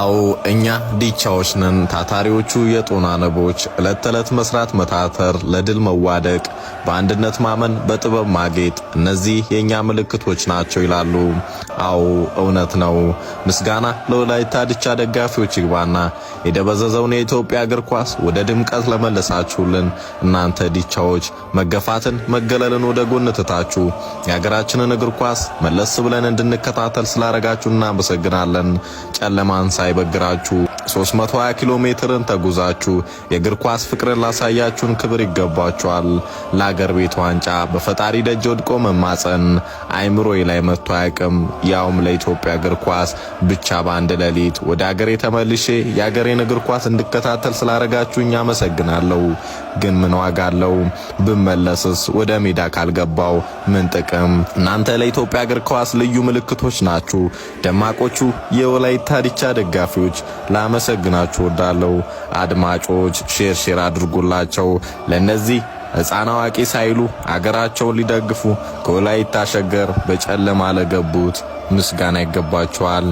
አዎ እኛ ዲቻዎች ነን ታታሪዎቹ የጦና ነቦች። ዕለት ተዕለት መስራት፣ መታተር፣ ለድል መዋደቅ፣ በአንድነት ማመን፣ በጥበብ ማጌጥ፣ እነዚህ የእኛ ምልክቶች ናቸው ይላሉ። አዎ እውነት ነው። ምስጋና ለወላይታ ዲቻ ደጋፊዎች ይግባና የደበዘዘውን የኢትዮጵያ እግር ኳስ ወደ ድምቀት ለመለሳችሁልን እናንተ ዲቻዎች መገፋትን፣ መገለልን ወደ ጎን ትታችሁ የሀገራችንን እግር ኳስ መለስ ብለን እንድንከታተል ስላረጋችሁ እናመሰግናለን። ጨለማን ሳይበግራችሁ 320 ኪሎ ሜትርን ተጉዛችሁ የእግር ኳስ ፍቅርን ላሳያችሁን ክብር ይገባችኋል። ለአገር ቤት ዋንጫ በፈጣሪ ደጅ ወድቆ መማፀን አይምሮ ላይ መጥቶ አያውቅም። ያውም ለኢትዮጵያ እግር ኳስ ብቻ በአንድ ሌሊት ወደ አገሬ ተመልሼ የአገሬን እግር ኳስ እንድከታተል ስላረጋችሁኝ አመሰግናለሁ። ግን ምን ዋጋ አለው? ብመለስስ ወደ ሜዳ ካልገባው ምን ጥቅም? እናንተ ለኢትዮጵያ እግር ኳስ ልዩ ምልክቶች ናችሁ። ደማቆቹ የወላይታ ዲቻ ደጋፊዎች ላመሰግናችሁ ወዳለው አድማጮች ሼር ሼር አድርጉላቸው። ለነዚህ ሕፃን አዋቂ ሳይሉ አገራቸውን ሊደግፉ ከወላይታ ሸገር በጨለማ ለገቡት ምስጋና ይገባቸዋል።